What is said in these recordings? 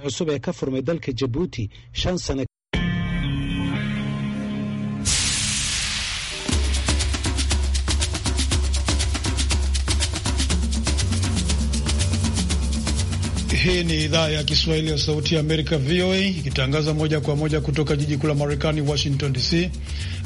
cusub ee ka furmay dalka Jabuuti shan sano Hii ni idhaa ya Kiswahili ya Sauti ya Amerika, VOA, ikitangaza moja kwa moja kutoka jiji kuu la Marekani, Washington DC.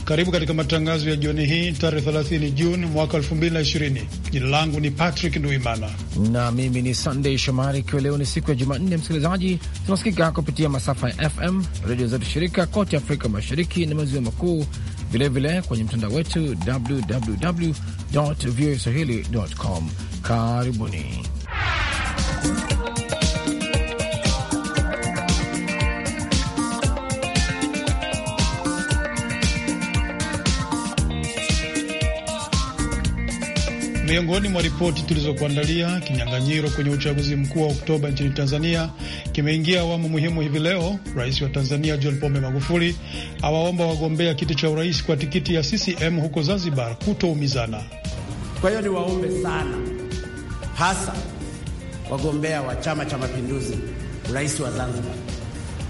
Karibu katika matangazo ya jioni hii tarehe 30 Juni mwaka 2020. Jina langu ni Patrick Nduimana na mimi ni Sandey Shomari. Ikiwa leo ni siku ya Jumanne, msikilizaji, tunasikika kupitia masafa ya FM redio zetu shirika kote Afrika Mashariki na Maziwa Makuu, vilevile kwenye mtandao wetu www voa com. Karibuni. Miongoni mwa ripoti tulizokuandalia, kinyang'anyiro kwenye uchaguzi mkuu wa Oktoba nchini Tanzania kimeingia awamu muhimu hivi leo. Rais wa Tanzania John Pombe Magufuli awaomba wagombea kiti cha urais kwa tikiti ya CCM huko Zanzibar kutoumizana. Kwa hiyo niwaombe sana, hasa wagombea wa Chama cha Mapinduzi urais wa Zanzibar,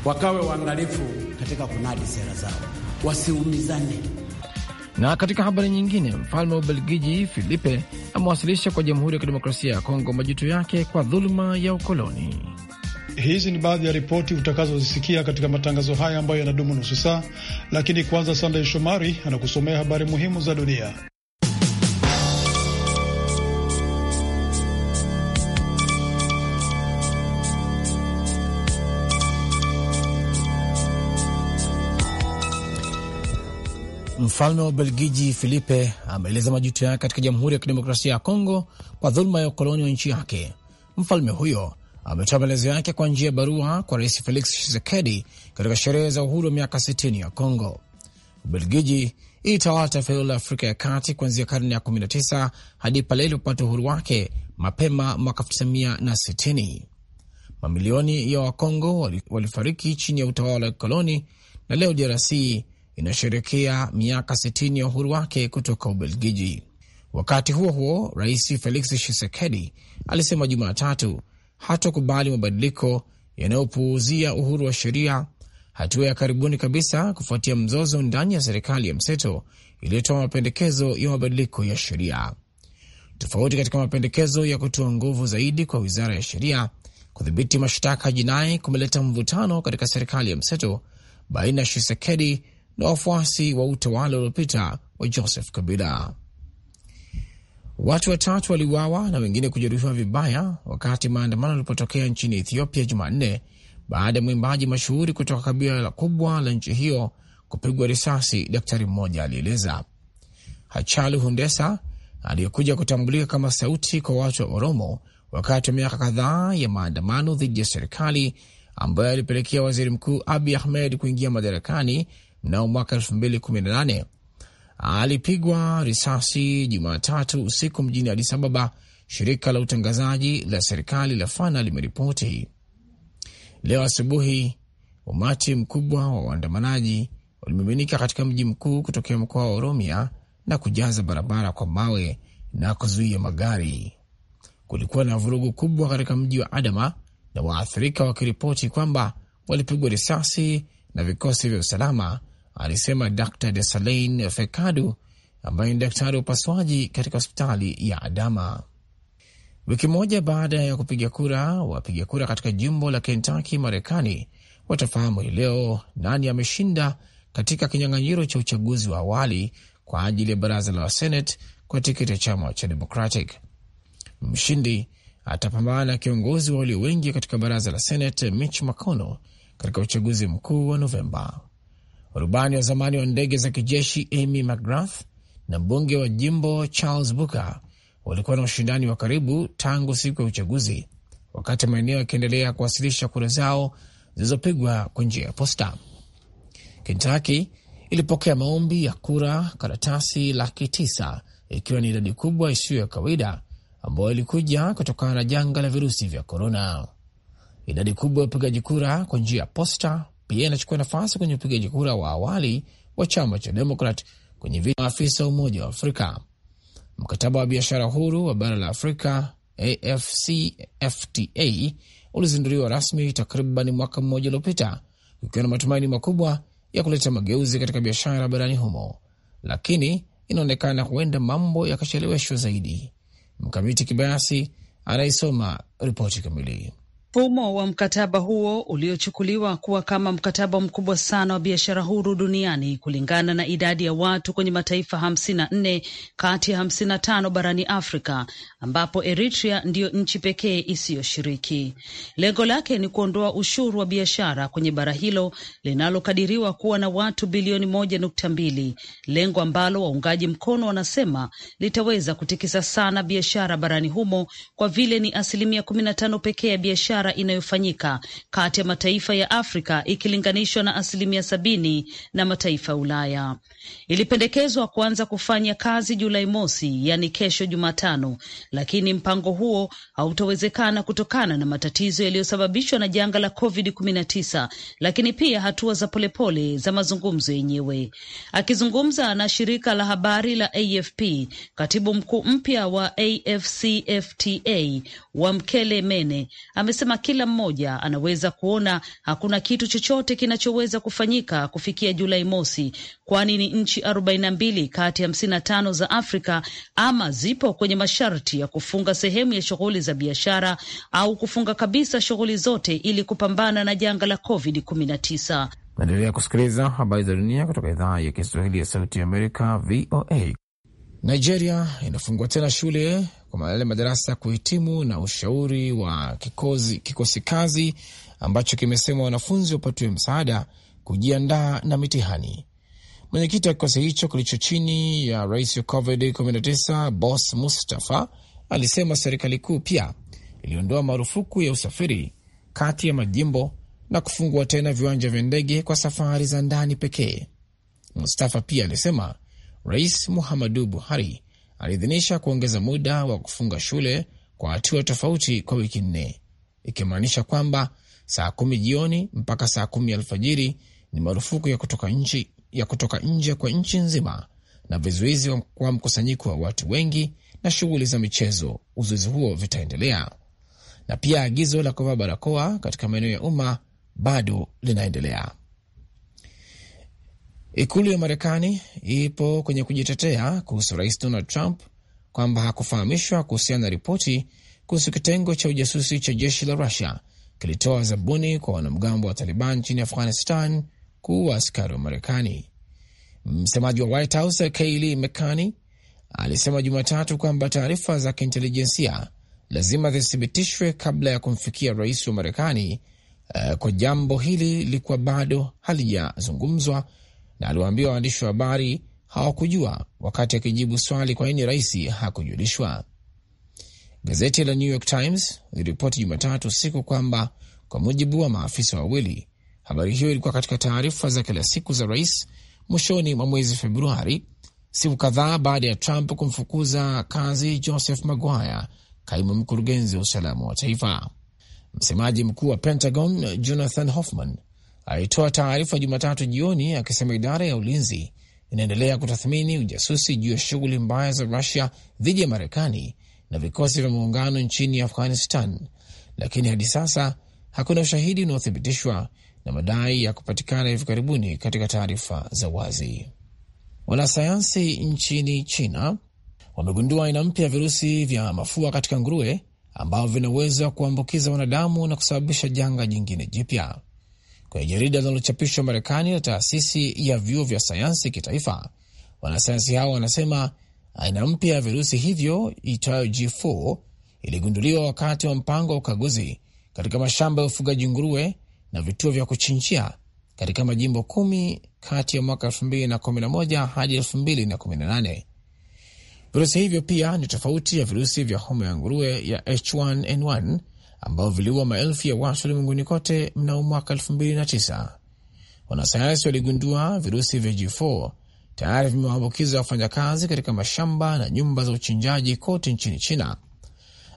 wakawe waangalifu katika kunadi sera zao, wasiumizane. Na katika habari nyingine, mfalme wa Ubelgiji Filipe amewasilisha kwa Jamhuri ya Kidemokrasia ya Kongo majuto yake kwa dhuluma ya ukoloni. Hizi ni baadhi ya ripoti utakazozisikia katika matangazo haya ambayo yanadumu nusu saa, lakini kwanza, Sandey Shomari anakusomea habari muhimu za dunia. Mfalme wa Ubelgiji Filipe ameeleza majuto yake katika Jamhuri ya Kidemokrasia ya Kongo kwa dhuluma ya ukoloni wa nchi yake. Mfalme huyo ametoa maelezo yake kwa njia ya barua kwa Rais Felix Tshisekedi katika sherehe za uhuru wa miaka 60 ya Kongo. Ubelgiji ilitawala taifa hilo la Afrika ya Kati kuanzia karne ya 19 hadi pale ilipopata uhuru wake mapema mwaka 1960. Mamilioni ya Wakongo walifariki chini ya utawala wa kikoloni na leo DRC inasherekea miaka 60 ya uhuru wake kutoka Ubelgiji. Wakati huo huo, Rais Felix Tshisekedi alisema Jumatatu hatokubali mabadiliko yanayopuuzia uhuru wa sheria, hatua ya karibuni kabisa kufuatia mzozo ndani ya serikali ya mseto iliyotoa mapendekezo ya mabadiliko ya sheria tofauti katika mapendekezo ya kutoa nguvu zaidi kwa wizara ya sheria kudhibiti mashtaka jinai kumeleta mvutano katika serikali ya mseto baina ya Shisekedi na wafuasi wa utawala uliopita wa Joseph Kabila. Watu watatu waliuawa na wengine kujeruhiwa vibaya wakati maandamano yalipotokea nchini Ethiopia Jumanne baada ya mwimbaji mashuhuri kutoka kabila la kubwa la nchi hiyo kupigwa risasi, daktari mmoja alieleza. Hachalu Hundesa aliyekuja kutambulika kama sauti kwa watu wa Oromo wakati wa miaka kadhaa ya maandamano dhidi ya serikali ambayo alipelekea waziri mkuu Abi Ahmed kuingia madarakani mnao mwaka 2018 alipigwa risasi Jumatatu usiku mjini Adis Ababa, shirika la utangazaji la serikali la Fana limeripoti. Leo asubuhi, umati mkubwa wa waandamanaji ulimiminika katika mji mkuu kutokea mkoa wa Oromia na kujaza barabara kwa mawe na kuzuia magari. Kulikuwa na vurugu kubwa katika mji wa Adama na waathirika wakiripoti kwamba walipigwa risasi na vikosi vya usalama alisema Dr Desalein Fekadu ambaye ni daktari wa upasuaji katika hospitali ya Adama. Wiki moja baada ya kupiga kura, wapiga kura katika jimbo la Kentucky, Marekani, watafahamu hii leo nani ameshinda katika kinyang'anyiro cha uchaguzi wa awali kwa ajili ya baraza la Senate kwa tiketi ya chama cha Democratic. Mshindi atapambana na kiongozi wa walio wengi katika baraza la Senate, Mitch McConnell, katika uchaguzi mkuu wa Novemba warubani wa zamani wa ndege za kijeshi Amy McGrath na mbunge wa jimbo Charles Booker walikuwa na ushindani wa karibu tangu siku ya uchaguzi, wakati maeneo yakiendelea kuwasilisha kura zao zilizopigwa kwa njia ya posta. Kentaki ilipokea maombi ya kura karatasi laki tisa ikiwa ni idadi kubwa isiyo ya kawaida ambayo ilikuja kutokana na janga la virusi vya korona. Idadi kubwa ya upigaji kura kwa njia ya posta pia inachukua nafasi kwenye upigaji kura wa awali wa chama cha Demokrat kwenye vita maafisa wa Umoja wa Afrika. Mkataba wa biashara huru wa bara la Afrika AfCFTA ulizinduliwa rasmi takriban mwaka mmoja uliopita ukiwa na matumaini makubwa ya kuleta mageuzi katika biashara barani humo, lakini inaonekana huenda mambo yakacheleweshwa zaidi. Mkamiti Kibayasi anaisoma ripoti kamili. Mfumo wa mkataba huo uliochukuliwa kuwa kama mkataba mkubwa sana wa biashara huru duniani kulingana na idadi ya watu kwenye mataifa hamsini na nne kati ya hamsini na tano barani Afrika, ambapo Eritrea ndiyo nchi pekee isiyoshiriki. Lengo lake ni kuondoa ushuru wa biashara kwenye bara hilo linalokadiriwa kuwa na watu bilioni moja nukta mbili, lengo ambalo waungaji mkono wanasema litaweza kutikisa sana biashara barani humo kwa vile ni asilimia kumi na tano pekee ya biashara biashara inayofanyika kati ya mataifa ya Afrika ikilinganishwa na asilimia sabini na mataifa ya Ulaya. Ilipendekezwa kuanza kufanya kazi Julai mosi, yani kesho Jumatano, lakini mpango huo hautawezekana kutokana na matatizo yaliyosababishwa na janga la COVID-19, lakini pia hatua za polepole za mazungumzo yenyewe. Akizungumza na shirika la habari la AFP, katibu mkuu mpya wa AFCFTA Wamkele Mene amesema anasema kila mmoja anaweza kuona hakuna kitu chochote kinachoweza kufanyika kufikia Julai mosi, kwani ni nchi 42 kati ya 55 za Afrika ama zipo kwenye masharti ya kufunga sehemu ya shughuli za biashara au kufunga kabisa shughuli zote ili kupambana na janga la COVID-19. Naendelea kusikiliza habari za dunia kutoka idhaa ya Kiswahili ya Sauti ya Amerika, VOA. Nigeria inafungua tena shule kwa yale madarasa kuhitimu na ushauri wa kikosi, kikosi kazi ambacho kimesema wanafunzi wapatiwe msaada kujiandaa na mitihani. Mwenyekiti wa kikosi hicho kilicho chini ya rais wa COVID-19 Boss Mustafa alisema serikali kuu pia iliondoa marufuku ya usafiri kati ya majimbo na kufungua tena viwanja vya ndege kwa safari za ndani pekee. Mustafa pia alisema Rais Muhammadu Buhari aliidhinisha kuongeza muda wa kufunga shule kwa hatua tofauti kwa wiki nne, ikimaanisha kwamba saa kumi jioni mpaka saa kumi alfajiri ni marufuku ya kutoka nchi ya kutoka nje kwa nchi nzima na vizuizi kwa mkusanyiko wa watu wengi na shughuli za michezo. Uzuizi huo vitaendelea, na pia agizo la kuvaa barakoa katika maeneo ya umma bado linaendelea. Ikulu ya Marekani ipo kwenye kujitetea kuhusu Rais Donald Trump kwamba hakufahamishwa kuhusiana na ripoti kuhusu kitengo cha ujasusi cha jeshi la Rusia kilitoa zabuni kwa wanamgambo wa Taliban nchini Afghanistan kuua askari wa Marekani. Msemaji wa White House Kayleigh McEnany alisema Jumatatu kwamba taarifa za kiintelijensia lazima zithibitishwe kabla ya kumfikia rais wa Marekani, uh, kwa jambo hili lilikuwa bado halijazungumzwa na aliwaambia waandishi wa habari hawakujua wakati akijibu swali kwa nini rais hakujulishwa. Gazeti la New York Times liliripoti Jumatatu siku kwamba kwa mujibu wa maafisa wawili, habari hiyo ilikuwa katika taarifa za kila siku za rais mwishoni mwa mwezi Februari, siku kadhaa baada ya Trump kumfukuza kazi Joseph Maguire, kaimu mkurugenzi wa usalama wa taifa. Msemaji mkuu wa Pentagon Jonathan Hoffman alitoa taarifa Jumatatu jioni akisema idara ya ulinzi inaendelea kutathmini ujasusi juu ya shughuli mbaya za Rusia dhidi ya Marekani na vikosi vya muungano nchini Afghanistan, lakini hadi sasa hakuna ushahidi unaothibitishwa na madai ya kupatikana hivi karibuni katika taarifa za wazi. Wanasayansi nchini China wamegundua aina mpya ya virusi vya mafua katika nguruwe ambavyo vinaweza kuambukiza wanadamu na kusababisha janga jingine jipya. Kwenye jarida linalochapishwa Marekani na taasisi ya vyuo vya sayansi kitaifa, wanasayansi hao wanasema aina mpya ya virusi hivyo itayo G4 iligunduliwa wakati wa mpango wa ukaguzi katika mashamba ya ufugaji nguruwe na vituo vya kuchinjia katika majimbo kumi kati ya mwaka 2011 hadi 2018. Virusi hivyo pia ni tofauti ya virusi vya homa ya nguruwe ya H1N1 ambao viliua maelfu ya watu ulimwenguni kote mnamo mwaka 2009. Wanasayansi waligundua virusi vya G4 tayari vimewaambukiza wafanyakazi katika mashamba na nyumba za uchinjaji kote nchini China.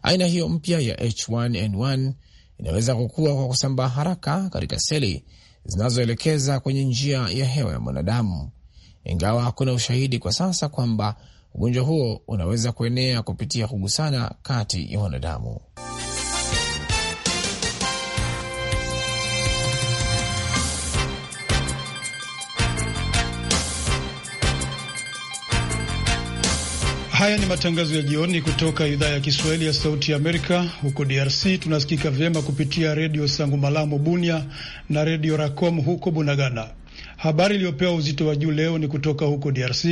Aina hiyo mpya ya H1N1 inaweza kukua kwa kusambaa haraka katika seli zinazoelekeza kwenye njia ya hewa ya mwanadamu, ingawa hakuna ushahidi kwa sasa kwamba ugonjwa huo unaweza kuenea kupitia kugusana kati ya wanadamu. Haya ni matangazo ya jioni kutoka idhaa ya Kiswahili ya Sauti ya Amerika. Huko DRC tunasikika vyema kupitia redio Sangu Malamu Bunia na redio Racom huko Bunagana. Habari iliyopewa uzito wa juu leo ni kutoka huko DRC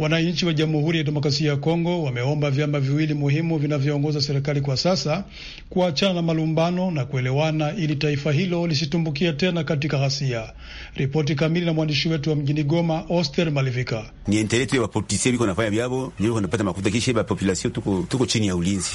Wananchi wa Jamhuri ya Demokrasia ya Kongo wameomba vyama viwili muhimu vinavyoongoza serikali kwa sasa kuachana na malumbano na kuelewana ili taifa hilo lisitumbukia tena katika ghasia. Ripoti kamili na mwandishi wetu wa mjini Goma, Oster Malivika.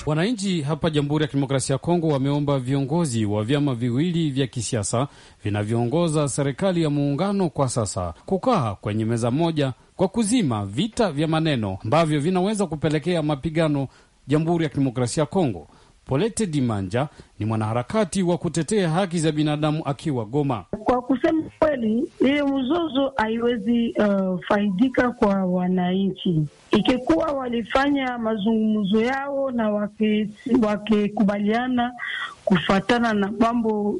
Wananchi hapa Jamhuri ya Kidemokrasia ya Kongo wameomba viongozi wa vyama viwili vya kisiasa vinavyoongoza serikali ya muungano kwa sasa kukaa kwenye meza moja kwa kuzima vita vya maneno ambavyo vinaweza kupelekea mapigano Jamhuri ya Kidemokrasia ya Kongo. Polete Dimanja ni mwanaharakati wa kutetea haki za binadamu akiwa Goma. Kwa kusema kweli hii mzozo haiwezi uh, faidika kwa wananchi. Ikikuwa walifanya mazungumzo yao na wakikubaliana wake kufuatana na mambo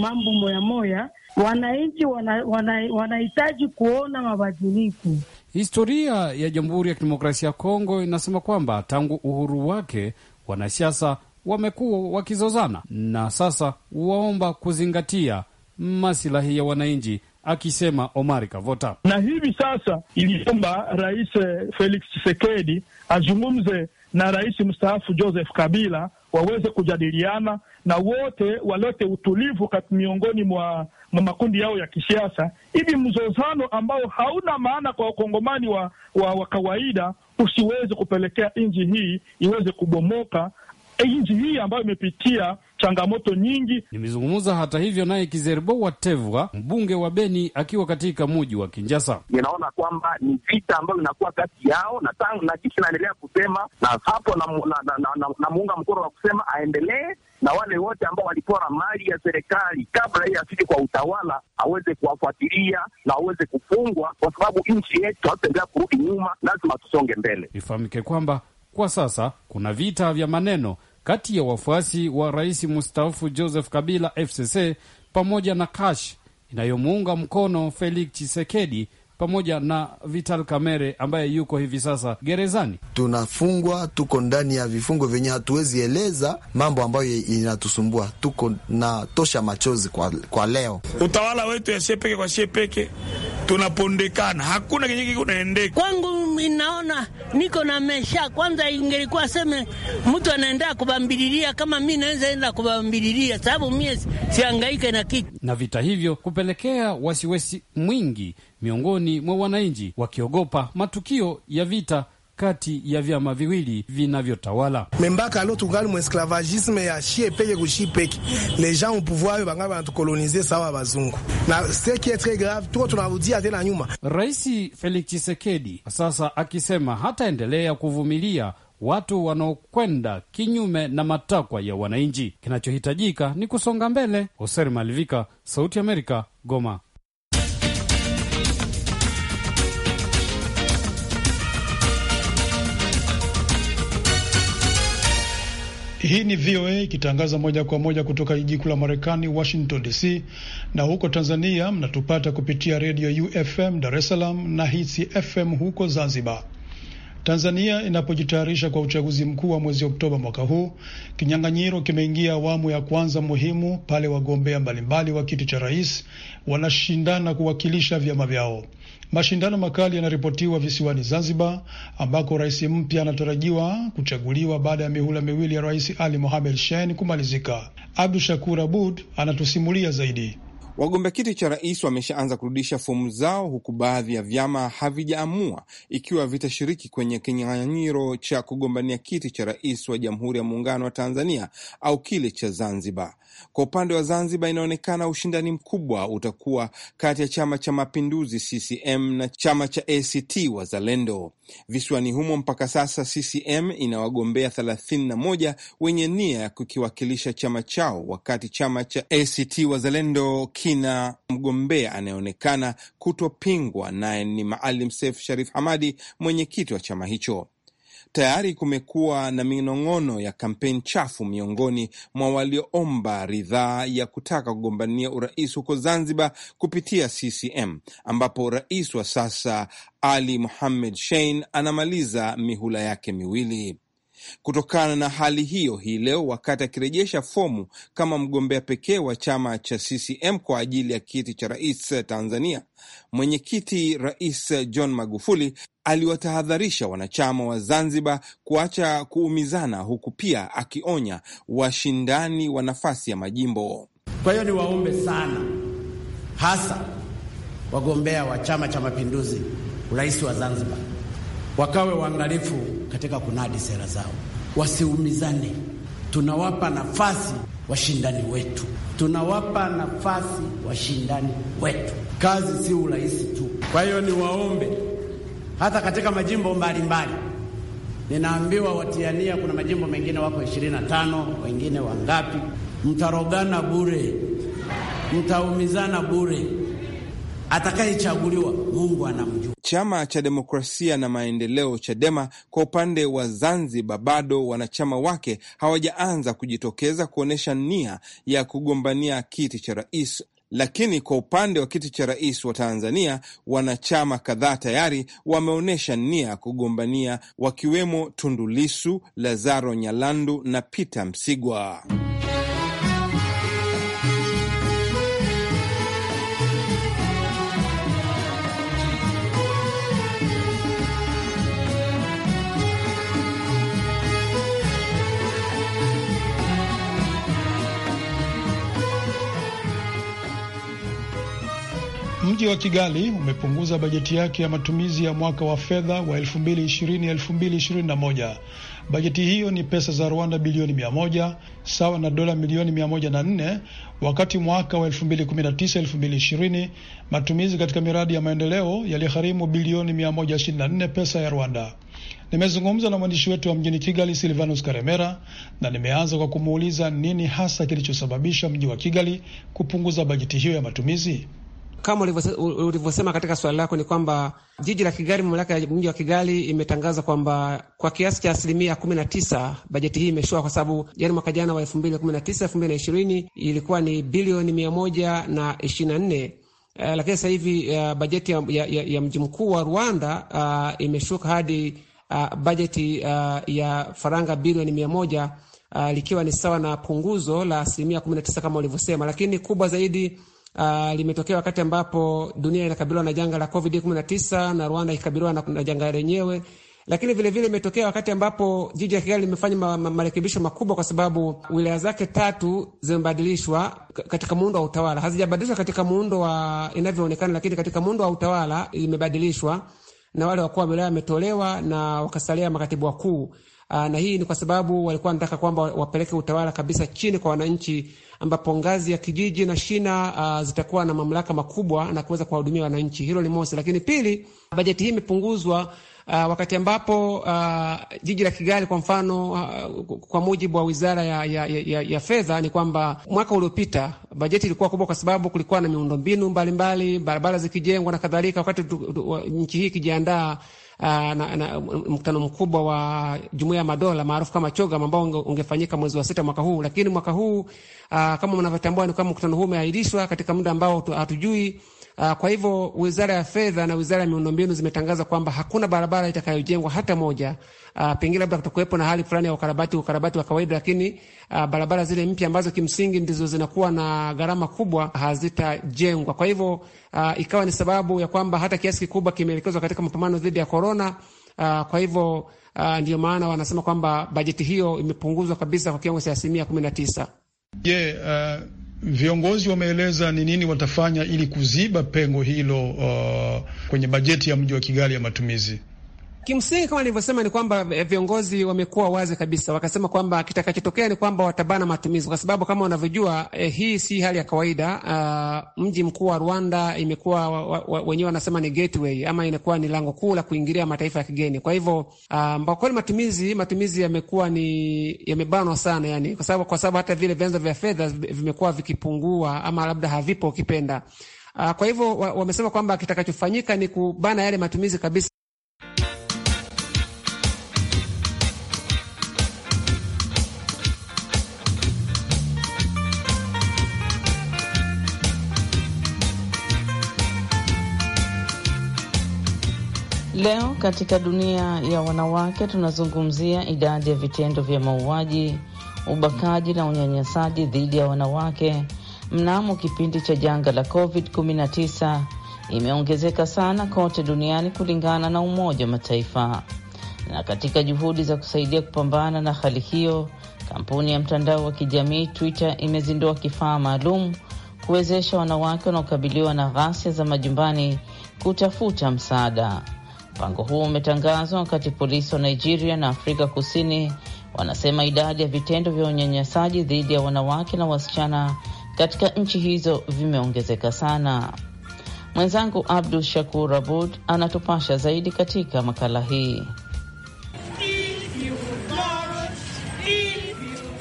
mambo moya moya, wananchi wanahitaji wana, wana kuona mabadiliko. Historia ya Jamhuri ya Kidemokrasia ya Kongo inasema kwamba tangu uhuru wake wanasiasa wamekuwa wakizozana na sasa waomba kuzingatia masilahi ya wananchi, akisema Omari Kavota. Na hivi sasa iliomba Rais eh, Felix Tshisekedi azungumze na rais mstaafu Joseph Kabila waweze kujadiliana na wote walete utulivu miongoni mwa, mwa makundi yao ya kisiasa, ili mzozano ambao hauna maana kwa wakongomani wa, wa, wa kawaida usiweze kupelekea nchi hii iweze kubomoka, eh, nchi hii ambayo imepitia changamoto nyingi. Nimezungumza hata hivyo naye Kizerbo Watevwa, mbunge wa Beni, akiwa katika muji wa Kinjasa. Ninaona kwamba ni vita ambayo inakuwa kati yao na tangu na kisha naendelea kusema na hapo namuunga na, na, na, na mkono wa kusema aendelee na wale wote ambao walipora mali ya serikali kabla hiye afike kwa utawala aweze kuwafuatilia na aweze kufungwa, kwa sababu nchi yetu hatutaendelea kurudi nyuma, lazima tusonge mbele. Ifahamike kwamba kwa sasa kuna vita vya maneno kati ya wafuasi wa rais mustaafu Joseph Kabila FCC pamoja na Kash inayomuunga mkono Felix Chisekedi pamoja na Vital Kamere ambaye yuko hivi sasa gerezani. Tunafungwa, tuko ndani ya vifungo vyenye hatuwezi eleza mambo ambayo inatusumbua, tuko na tosha machozi kwa, kwa leo. Utawala wetu ya shepeke kwa shepeke tunapondekana, hakuna kenye kiko naendeka. Kwangu inaona niko na mesha kwanza, ingelikuwa seme mtu anaenda kubambililia kama mi naweza enda kubambililia, sababu mie siangaike na kitu na vita hivyo kupelekea wasiwesi mwingi miongoni mwa wananchi wakiogopa matukio ya vita kati ya vyama viwili vinavyotawala membaka alo tungali mu esclavagisme ya shie peke kushie peke les gens au pouvoir bangali banatukolonize sawa bazungu na ce qui est tres grave tuko tunarudia tena nyuma. Rais Felix Tshisekedi sasa akisema hataendelea kuvumilia watu wanaokwenda kinyume na matakwa ya wananchi. Kinachohitajika ni kusonga mbele. Hoser Malivika, Sauti ya Amerika, Goma. Hii ni VOA ikitangaza moja kwa moja kutoka jiji kuu la Marekani, Washington DC, na huko Tanzania mnatupata kupitia redio UFM Dar es Salaam na Hits FM huko Zanzibar. Tanzania inapojitayarisha kwa uchaguzi mkuu wa mwezi Oktoba mwaka huu, kinyang'anyiro kimeingia awamu ya kwanza muhimu, pale wagombea mbalimbali wa kiti cha rais wanashindana kuwakilisha vyama vyao. Mashindano makali yanaripotiwa visiwani Zanzibar ambako rais mpya anatarajiwa kuchaguliwa baada ya mihula miwili ya Rais Ali Mohamed Shein kumalizika. Abdu Shakur Abud anatusimulia zaidi. Wagombea kiti cha rais wameshaanza kurudisha fomu zao, huku baadhi ya vyama havijaamua ikiwa vitashiriki kwenye kinyang'anyiro cha kugombania kiti cha rais wa Jamhuri ya Muungano wa Tanzania au kile cha Zanzibar. Kwa upande wa Zanzibar, inaonekana ushindani mkubwa utakuwa kati ya Chama cha Mapinduzi CCM na chama cha ACT Wazalendo. Visiwani humo mpaka sasa CCM ina wagombea 31 wenye nia ya kukiwakilisha chama chao, wakati chama cha ACT Wazalendo kina mgombea anayeonekana kutopingwa naye ni Maalim Seif Sharif Hamadi, mwenyekiti wa chama hicho. Tayari kumekuwa na minong'ono ya kampeni chafu miongoni mwa walioomba ridhaa ya kutaka kugombania urais huko Zanzibar kupitia CCM, ambapo rais wa sasa Ali muhamed Shein anamaliza mihula yake miwili. Kutokana na hali hiyo, hii leo wakati akirejesha fomu kama mgombea pekee wa chama cha CCM kwa ajili ya kiti cha rais Tanzania, mwenyekiti Rais John Magufuli aliwatahadharisha wanachama wa Zanzibar kuacha kuumizana, huku pia akionya washindani wa nafasi ya majimbo. Kwa hiyo niwaombe sana, hasa wagombea wa Chama cha Mapinduzi urais wa Zanzibar, wakawe waangalifu katika kunadi sera zao. Wasiumizane, tunawapa nafasi washindani wetu, tunawapa nafasi washindani wetu. Kazi si urahisi tu. Kwa hiyo niwaombe, hata katika majimbo mbalimbali ninaambiwa watiania, kuna majimbo mengine wako ishirini na tano, wengine wangapi? Mtarogana bure, mtaumizana bure atakayechaguliwa Mungu anamjua. Chama cha Demokrasia na Maendeleo, Chadema, kwa upande wa Zanzibar, bado wanachama wake hawajaanza kujitokeza kuonyesha nia ya kugombania kiti cha rais lakini kwa upande wa kiti cha rais wa Tanzania, wanachama kadhaa tayari wameonyesha nia ya kugombania wakiwemo Tundulisu, Lazaro Nyalandu na Peter Msigwa. Mji wa Kigali umepunguza bajeti yake ya matumizi ya mwaka wa fedha wa 2020-2021. Bajeti hiyo ni pesa za Rwanda bilioni 100 sawa na dola milioni 104, wakati mwaka wa 2019-2020 matumizi katika miradi ya maendeleo yaligharimu bilioni 124 pesa ya Rwanda. Nimezungumza na mwandishi wetu wa mjini Kigali, Silvanus Karemera, na nimeanza kwa kumuuliza nini hasa kilichosababisha mji wa Kigali kupunguza bajeti hiyo ya matumizi kama ulivyosema katika swali lako ni kwamba jiji la Kigali, mamlaka ya mji wa Kigali imetangaza kwamba kwa kiasi cha asilimia kumi na tisa bajeti hii imeshua, kwa sababu yani mwaka jana wa elfu mbili kumi na tisa elfu mbili na ishirini ilikuwa ni bilioni mia moja na ishirini na nne uh, lakini sasa hivi uh, bajeti ya, ya, ya, ya mji mkuu wa Rwanda uh, imeshuka hadi uh, bajeti uh, ya faranga bilioni mia moja uh, likiwa ni sawa na punguzo la asilimia kumi na tisa kama ulivyosema, lakini kubwa zaidi uh, limetokea wakati ambapo dunia inakabiliwa na janga la COVID-19 na Rwanda ikikabiliwa na, na janga lenyewe lakini vilevile imetokea vile wakati ambapo jiji la Kigali limefanya ma ma marekebisho makubwa, kwa sababu wilaya zake tatu zimebadilishwa katika muundo wa utawala. Hazijabadilishwa katika muundo wa inavyoonekana, lakini katika muundo wa utawala imebadilishwa, na wale wakuu wa wilaya wametolewa na wakasalia makatibu wakuu. Ah, na hii ni kwa sababu walikuwa wanataka kwamba wapeleke utawala kabisa chini kwa wananchi, ambapo ngazi ya kijiji na shina uh, zitakuwa na mamlaka makubwa na kuweza kuwahudumia wananchi. Hilo ni mosi, lakini pili, bajeti hii imepunguzwa Uh, wakati ambapo uh, jiji la Kigali kwa mfano uh, kwa mujibu wa wizara ya, ya, ya, ya, ya fedha ni kwamba mwaka uliopita bajeti ilikuwa kubwa kwa sababu kulikuwa na miundombinu mbalimbali, barabara zikijengwa na kadhalika, wakati nchi hii ikijiandaa Ah, na, na mkutano mkubwa wa Jumuiya ya Madola maarufu kama CHOGAM ambao ungefanyika mwezi wa sita mwaka huu, lakini mwaka huu aa, ah, kama mnavyotambua ni kwamba mkutano huu umeahirishwa katika muda ambao hatujui Ah, kwa hivyo wizara ya fedha na wizara ya miundombinu zimetangaza kwamba hakuna barabara itakayojengwa hata moja. Ah, pengine labda kutakuwepo na hali fulani ya ukarabati, ukarabati wa kawaida, lakini ah, barabara zile mpya ambazo kimsingi ndizo zinakuwa na gharama kubwa hazitajengwa. Kwa hivyo ikawa ni sababu ya kwamba hata kiasi kikubwa kimeelekezwa katika mapambano dhidi ya korona. Kwa hivyo ndiyo maana wanasema kwamba bajeti hiyo imepunguzwa kabisa kwa kiwango cha asilimia kumi na tisa. Yeah, eh, uh... Viongozi wameeleza ni nini watafanya ili kuziba pengo hilo uh, kwenye bajeti ya mji wa Kigali ya matumizi Kimsingi kama nilivyosema ni kwamba eh, viongozi wamekuwa wazi kabisa, wakasema kwamba kitakachotokea ni kwamba watabana matumizi, kwa sababu kama unavyojua eh, hii si hali ya kawaida. Uh, mji mkuu wa Rwanda imekuwa wenyewe wanasema ni gateway ama inakuwa ni lango kuu la kuingilia mataifa ya kigeni. Kwa hivyo uh, kweli matumizi matumizi yamekuwa ni yamebanwa sana, yani kwa sababu kwa sababu hata vile vyanzo vya fedha vimekuwa vikipungua ama labda havipo ukipenda. Uh, kwa hivyo wamesema wa kwamba kitakachofanyika ni kubana yale matumizi kabisa. Leo katika dunia ya wanawake tunazungumzia idadi ya vitendo vya mauaji, ubakaji na unyanyasaji dhidi ya wanawake mnamo kipindi cha janga la COVID-19 imeongezeka sana kote duniani kulingana na Umoja wa Mataifa. Na katika juhudi za kusaidia kupambana na hali hiyo, kampuni ya mtandao wa kijamii Twitter imezindua kifaa maalum kuwezesha wanawake wanaokabiliwa na ghasia za majumbani kutafuta msaada. Mpango huo umetangazwa wakati polisi wa Nigeria na Afrika Kusini wanasema idadi ya vitendo vya unyanyasaji dhidi ya wanawake na wasichana katika nchi hizo vimeongezeka sana. Mwenzangu Abdu Shakur Abud anatupasha zaidi katika makala hii.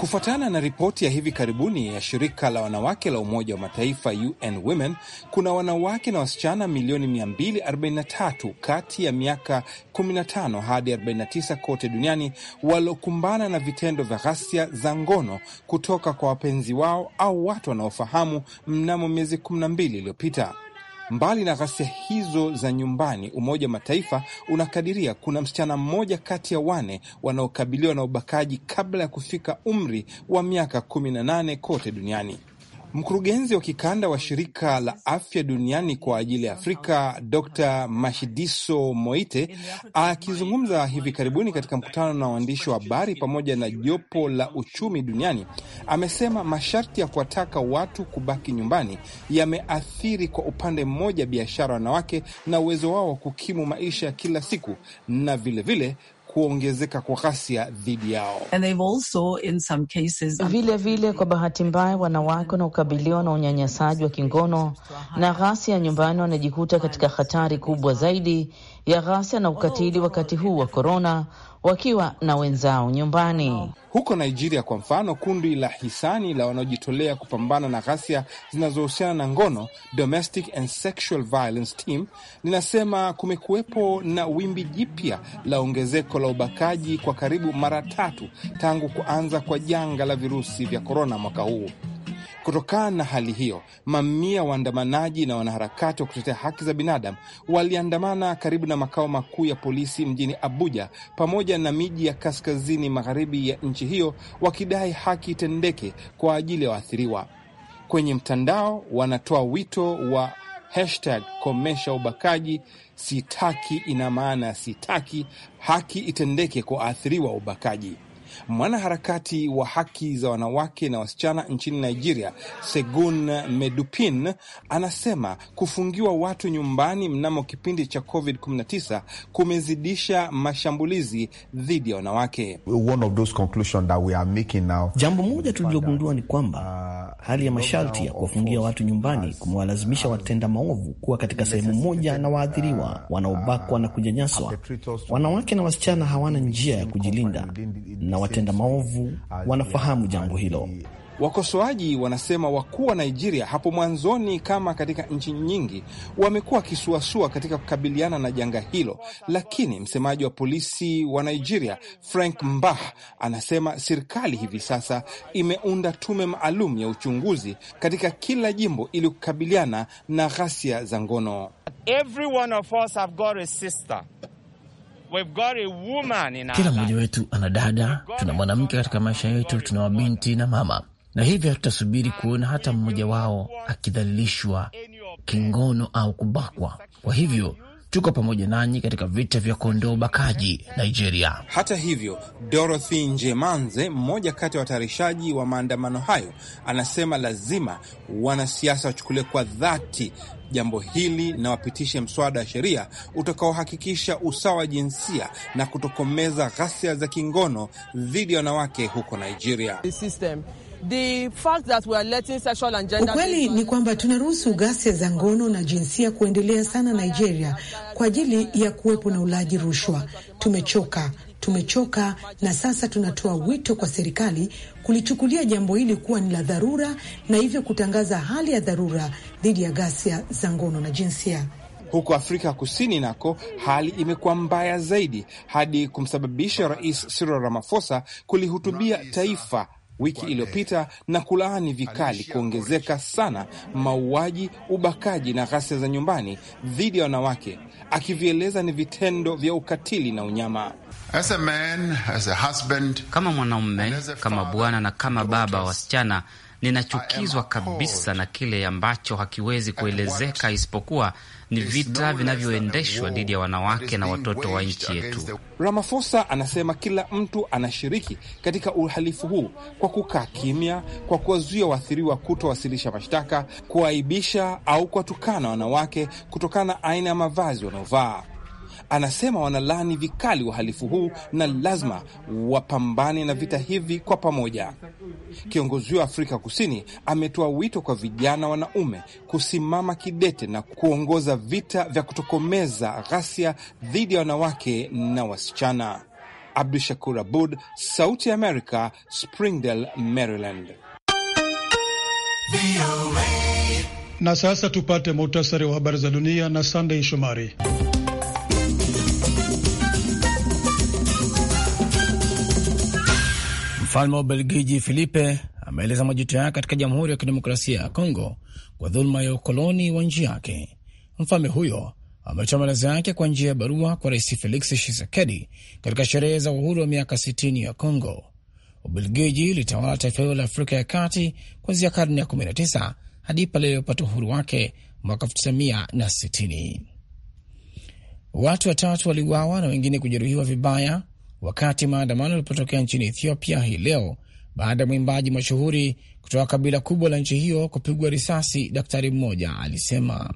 Kufuatana na ripoti ya hivi karibuni ya shirika la wanawake la Umoja wa Mataifa UN Women, kuna wanawake na wasichana milioni 243 kati ya miaka 15 hadi 49 kote duniani waliokumbana na vitendo vya ghasia za ngono kutoka kwa wapenzi wao au watu wanaofahamu mnamo miezi 12 iliyopita. Mbali na ghasia hizo za nyumbani, Umoja wa Mataifa unakadiria kuna msichana mmoja kati ya wane wanaokabiliwa na ubakaji kabla ya kufika umri wa miaka 18 kote duniani. Mkurugenzi wa kikanda wa shirika la afya duniani kwa ajili ya Afrika, Dr Mashidiso Moite, akizungumza hivi karibuni katika mkutano na waandishi wa habari pamoja na jopo la uchumi duniani, amesema masharti ya kuwataka watu kubaki nyumbani yameathiri kwa upande mmoja biashara wanawake na uwezo wao wa kukimu maisha ya kila siku na vilevile vile, kuongezeka kwa ghasia dhidi yao. Vilevile vile, kwa bahati mbaya, wanawake wanaokabiliwa na unyanyasaji wa kingono na ghasia ya nyumbani wanajikuta katika hatari kubwa zaidi ya ghasia na ukatili wakati huu wa korona wakiwa na wenzao nyumbani. Huko Nigeria kwa mfano, kundi la hisani la wanaojitolea kupambana na ghasia zinazohusiana na ngono, Domestic and Sexual Violence Team, linasema kumekuwepo na wimbi jipya la ongezeko la ubakaji kwa karibu mara tatu tangu kuanza kwa janga la virusi vya korona mwaka huu. Kutokana na hali hiyo, mamia waandamanaji na wanaharakati wa kutetea haki za binadamu waliandamana karibu na makao makuu ya polisi mjini Abuja pamoja na miji ya kaskazini magharibi ya nchi hiyo wakidai haki itendeke kwa ajili ya waathiriwa. Kwenye mtandao wanatoa wito wa hashtag komesha ubakaji, sitaki ina maana sitaki haki itendeke kwa waathiriwa wa ubakaji. Mwanaharakati wa haki za wanawake na wasichana nchini Nigeria, Segun Medupin, anasema kufungiwa watu nyumbani mnamo kipindi cha COVID-19 kumezidisha mashambulizi dhidi ya wanawake. One of those conclusions that we are making now, jambo moja tuliogundua ni kwamba uh, hali ya masharti ya kuwafungia watu nyumbani kumewalazimisha watenda maovu kuwa katika sehemu moja na waathiriwa uh, wanaobakwa na uh, kunyanyaswa. Wanawake na wasichana hawana njia ya kujilinda na watenda maovu wanafahamu jambo hilo. Wakosoaji wanasema wakuu wa Nigeria hapo mwanzoni, kama katika nchi nyingi, wamekuwa wakisuasua katika kukabiliana na janga hilo, lakini msemaji wa polisi wa Nigeria Frank Mbah anasema serikali hivi sasa imeunda tume maalum ya uchunguzi katika kila jimbo ili kukabiliana na ghasia za ngono. Every one of us have got a sister. Kila mmoja wetu ana dada, tuna mwanamke katika maisha yetu, tuna wabinti na mama, na hivyo hatutasubiri kuona hata mmoja wao akidhalilishwa kingono au kubakwa. Kwa hivyo tuko pamoja nanyi katika vita vya kuondoa ubakaji Nigeria. Hata hivyo, Dorothy Njemanze, mmoja kati ya watayarishaji wa maandamano hayo, anasema lazima wanasiasa wachukulie kwa dhati jambo hili na wapitishe mswada wa sheria utakaohakikisha usawa wa jinsia na kutokomeza ghasia za kingono dhidi ya wanawake huko Nigeria. The system. Ukweli ni kwamba tunaruhusu ghasia za ngono na jinsia kuendelea sana Nigeria kwa ajili ya kuwepo na ulaji rushwa. Tumechoka, tumechoka, na sasa tunatoa wito kwa serikali kulichukulia jambo hili kuwa ni la dharura na hivyo kutangaza hali ya dharura dhidi ya ghasia za ngono na jinsia. Huko Afrika Kusini nako hali imekuwa mbaya zaidi hadi kumsababisha Rais Cyril Ramaphosa kulihutubia taifa wiki iliyopita na kulaani vikali kuongezeka sana mauaji, ubakaji na ghasia za nyumbani dhidi ya wanawake, akivieleza ni vitendo vya ukatili na unyama. As a man, as a husband, kama mwanaume, kama bwana na kama baba wa wasichana, ninachukizwa kabisa na kile ambacho hakiwezi kuelezeka isipokuwa ni vita vinavyoendeshwa dhidi ya wanawake na watoto wa nchi yetu. Ramaphosa anasema kila mtu anashiriki katika uhalifu huu kwa kukaa kimya, kwa kuwazuia waathiriwa kutowasilisha mashtaka, kuwaaibisha au kuwatukana wanawake kutokana na aina ya mavazi wanaovaa anasema wanalaani vikali uhalifu huu na lazima wapambane na vita hivi kwa pamoja. Kiongozi huyo wa Afrika Kusini ametoa wito kwa vijana wanaume kusimama kidete na kuongoza vita vya kutokomeza ghasia dhidi ya wanawake na wasichana. Abdu Shakur Abud, Sauti ya Amerika, Springdale, Maryland. Na sasa tupate muhtasari wa habari za dunia na Sandei Shomari. Mfalme wa Ubelgiji Filipe ameeleza majuto yake katika Jamhuri ya Kidemokrasia ya Kongo kwa dhuluma ya ukoloni wa nchi yake. Mfalme huyo ametoa maelezo yake kwa njia ya barua kwa Rais Felix Tshisekedi katika sherehe za uhuru wa miaka 60 ya Kongo. Ubelgiji ilitawala taifa hilo la Afrika ya Kati kuanzia karne ya 19 hadi pale iliyopata uhuru wake mwaka 1960. Watu watatu waliuawa na wengine kujeruhiwa vibaya wakati maandamano yalipotokea nchini Ethiopia hii leo baada ya mwimbaji mashuhuri kutoka kabila kubwa la nchi hiyo kupigwa risasi, daktari mmoja alisema.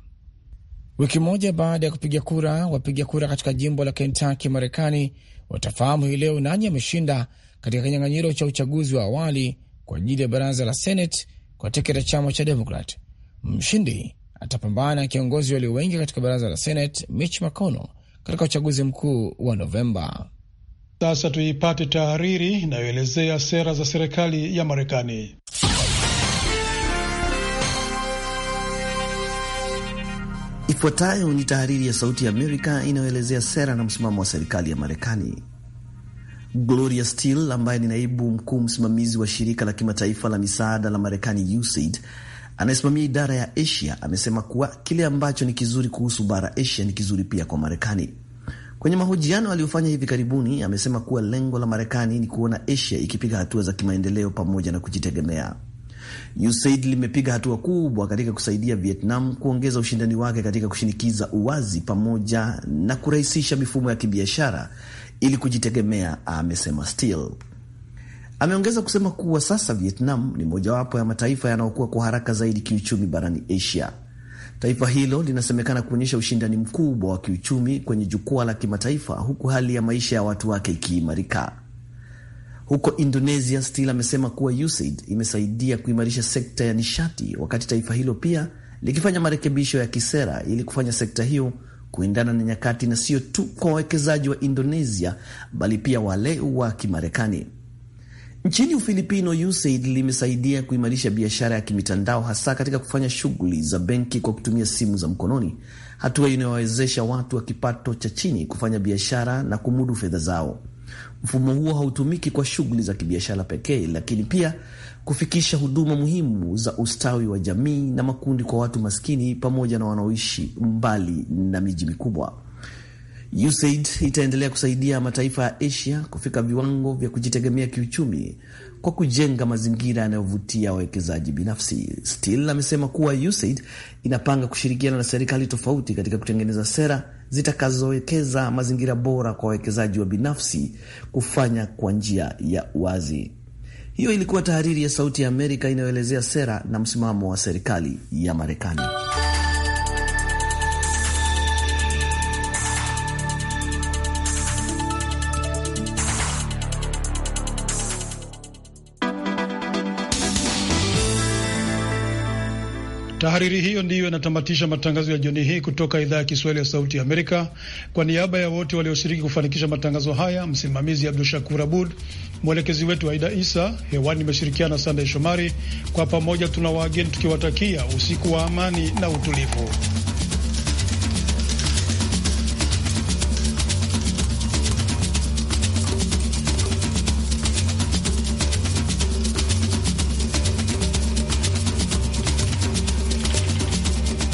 Wiki moja baada ya kupiga kura, wapiga kura katika jimbo la kentaki Marekani, watafahamu hii leo nani ameshinda katika kinyang'anyiro cha uchaguzi wa awali kwa ajili ya baraza la Senate kwa tiketi ya chama cha Demokrat. Mshindi atapambana na kiongozi walio wengi katika baraza la Senate, Mitch McConnell, katika uchaguzi mkuu wa Novemba. Sasa tuipate tahariri inayoelezea sera za serikali ya Marekani. Ifuatayo ni tahariri ya Sauti ya Amerika inayoelezea sera na msimamo wa serikali ya Marekani. Gloria Steele ambaye ni naibu mkuu msimamizi wa shirika la kimataifa la misaada la Marekani USAID anayesimamia idara ya Asia amesema kuwa kile ambacho ni kizuri kuhusu bara Asia ni kizuri pia kwa Marekani. Kwenye mahojiano aliyofanya hivi karibuni, amesema kuwa lengo la Marekani ni kuona Asia ikipiga hatua za kimaendeleo pamoja na kujitegemea. USAID limepiga hatua kubwa katika kusaidia Vietnam kuongeza ushindani wake katika kushinikiza uwazi pamoja na kurahisisha mifumo ya kibiashara ili kujitegemea, amesema stil Ameongeza kusema kuwa sasa Vietnam ni mojawapo ya mataifa yanayokuwa kwa haraka zaidi kiuchumi barani Asia. Taifa hilo linasemekana kuonyesha ushindani mkubwa wa kiuchumi kwenye jukwaa la kimataifa huku hali ya maisha ya watu wake ikiimarika. Huko Indonesia, stil amesema kuwa USAID imesaidia kuimarisha sekta ya nishati, wakati taifa hilo pia likifanya marekebisho ya kisera ili kufanya sekta hiyo kuendana na nyakati na sio tu kwa wawekezaji wa Indonesia bali pia wale wa Kimarekani. Nchini Ufilipino, USAID limesaidia kuimarisha biashara ya kimitandao hasa katika kufanya shughuli za benki kwa kutumia simu za mkononi, hatua inayowawezesha watu wa kipato cha chini kufanya biashara na kumudu fedha zao. Mfumo huo hautumiki kwa shughuli za kibiashara pekee, lakini pia kufikisha huduma muhimu za ustawi wa jamii na makundi kwa watu maskini pamoja na wanaoishi mbali na miji mikubwa. USAID itaendelea kusaidia mataifa ya Asia kufika viwango vya kujitegemea kiuchumi kwa kujenga mazingira yanayovutia wawekezaji binafsi. Still amesema kuwa USAID inapanga kushirikiana na serikali tofauti katika kutengeneza sera zitakazowekeza mazingira bora kwa wawekezaji wa binafsi kufanya kwa njia ya wazi. Hiyo ilikuwa tahariri ya Sauti ya Amerika inayoelezea sera na msimamo wa serikali ya Marekani. Tahariri hiyo ndiyo inatamatisha matangazo ya jioni hii kutoka idhaa ya Kiswahili ya Sauti ya Amerika. Kwa niaba ya wote walioshiriki kufanikisha matangazo haya, msimamizi Abdu Shakur Abud, mwelekezi wetu Aida Isa. Hewani imeshirikiana Sandey Shomari. Kwa pamoja, tuna wageni tukiwatakia usiku wa amani na utulivu.